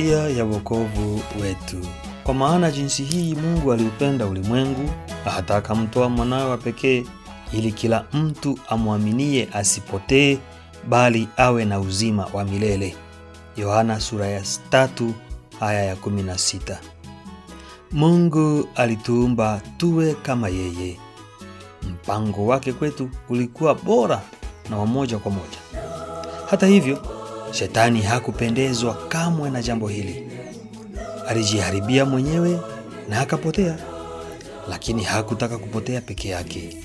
historia ya wokovu wetu. Kwa maana jinsi hii Mungu aliupenda ulimwengu hata akamtoa mwanawe wa pekee, ili kila mtu amwaminie asipotee, bali awe na uzima wa milele. Yohana sura ya tatu aya ya 16. Mungu alituumba tuwe kama yeye. Mpango wake kwetu ulikuwa bora na wa moja kwa moja. Hata hivyo Shetani hakupendezwa kamwe na jambo hili, alijiharibia mwenyewe na akapotea, lakini hakutaka kupotea peke yake.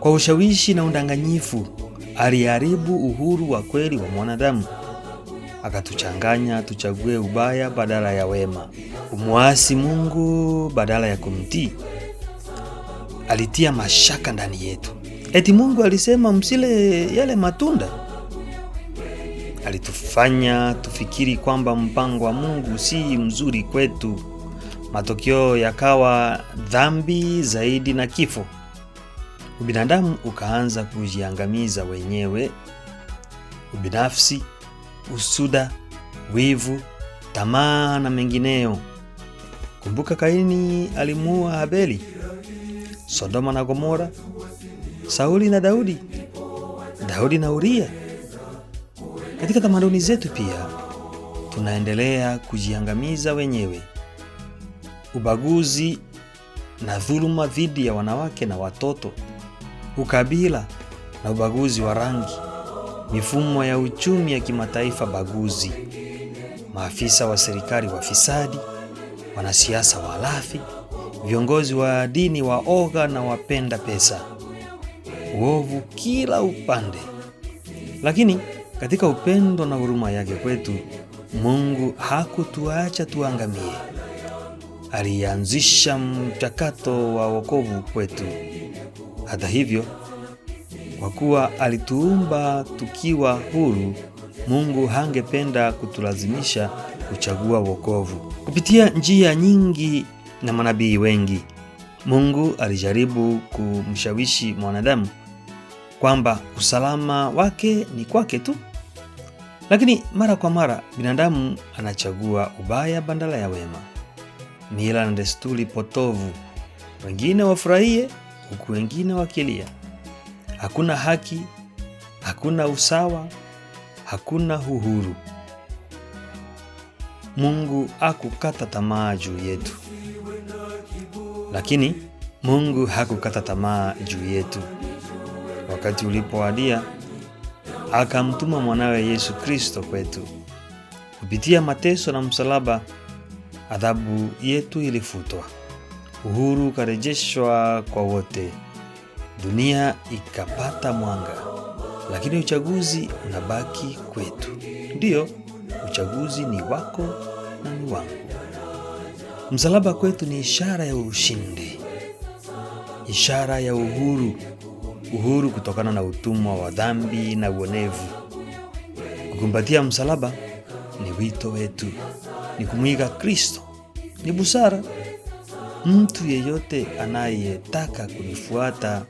Kwa ushawishi na udanganyifu aliharibu uhuru wa kweli wa mwanadamu, akatuchanganya tuchague ubaya badala ya wema, umwasi Mungu badala ya kumtii. Alitia mashaka ndani yetu, eti Mungu alisema msile yale matunda alitufanya tufikiri kwamba mpango wa Mungu si mzuri kwetu. Matokeo yakawa dhambi zaidi na kifo. Ubinadamu ukaanza kujiangamiza wenyewe: ubinafsi, usuda, wivu, tamaa na mengineyo. Kumbuka, Kaini alimuua abeli Sodoma na Gomora, Sauli na Daudi, Daudi na Uria. Katika tamaduni zetu pia tunaendelea kujiangamiza wenyewe. Ubaguzi na dhuluma dhidi ya wanawake na watoto, ukabila na ubaguzi wa rangi, mifumo ya uchumi ya kimataifa baguzi, maafisa wa serikali wafisadi, wanasiasa walafi, viongozi wa dini wa oga na wapenda pesa, uovu kila upande, lakini katika upendo na huruma yake kwetu, Mungu hakutuacha tuangamie. Alianzisha mchakato wa wokovu kwetu. Hata hivyo, kwa kuwa alituumba tukiwa huru, Mungu hangependa kutulazimisha kuchagua wokovu. Kupitia njia nyingi na manabii wengi, Mungu alijaribu kumshawishi mwanadamu kwamba usalama wake ni kwake tu. Lakini mara kwa mara binadamu anachagua ubaya badala ya wema, mila na desturi potovu, wengine wafurahie huku wengine wakilia. Hakuna haki, hakuna usawa, hakuna uhuru. Mungu hakukata tamaa juu yetu, lakini Mungu hakukata tamaa juu yetu. Wakati ulipowadia akamtuma mwanawe Yesu Kristo kwetu. Kupitia mateso na msalaba, adhabu yetu ilifutwa, uhuru ukarejeshwa kwa wote, dunia ikapata mwanga, lakini uchaguzi unabaki kwetu. Ndiyo, uchaguzi ni wako na ni wangu. Msalaba kwetu ni ishara ya ushindi, ishara ya uhuru uhuru kutokana na utumwa wa dhambi na uonevu. Kukumbatia msalaba ni wito wetu, ni kumwiga Kristo, ni busara. Mtu yeyote anayetaka kunifuata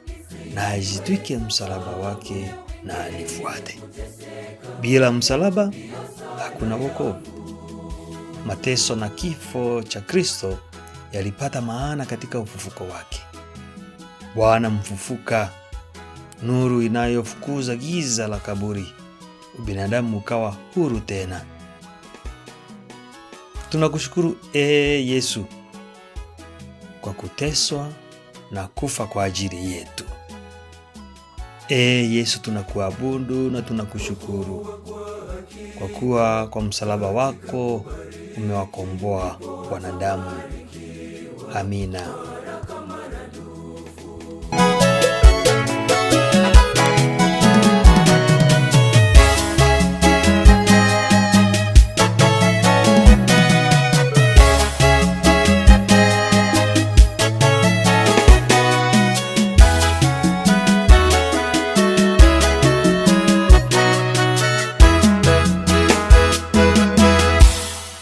na ajitwike msalaba wake na anifuate. Bila msalaba hakuna wokovu. Mateso na kifo cha Kristo yalipata maana katika ufufuko wake. Bwana mfufuka nuru inayofukuza giza la kaburi, ubinadamu ukawa huru tena. Tunakushukuru ee Yesu kwa kuteswa na kufa kwa ajili yetu. Ee Yesu, tunakuabudu na tunakushukuru kwa kuwa kwa msalaba wako umewakomboa wanadamu. Amina.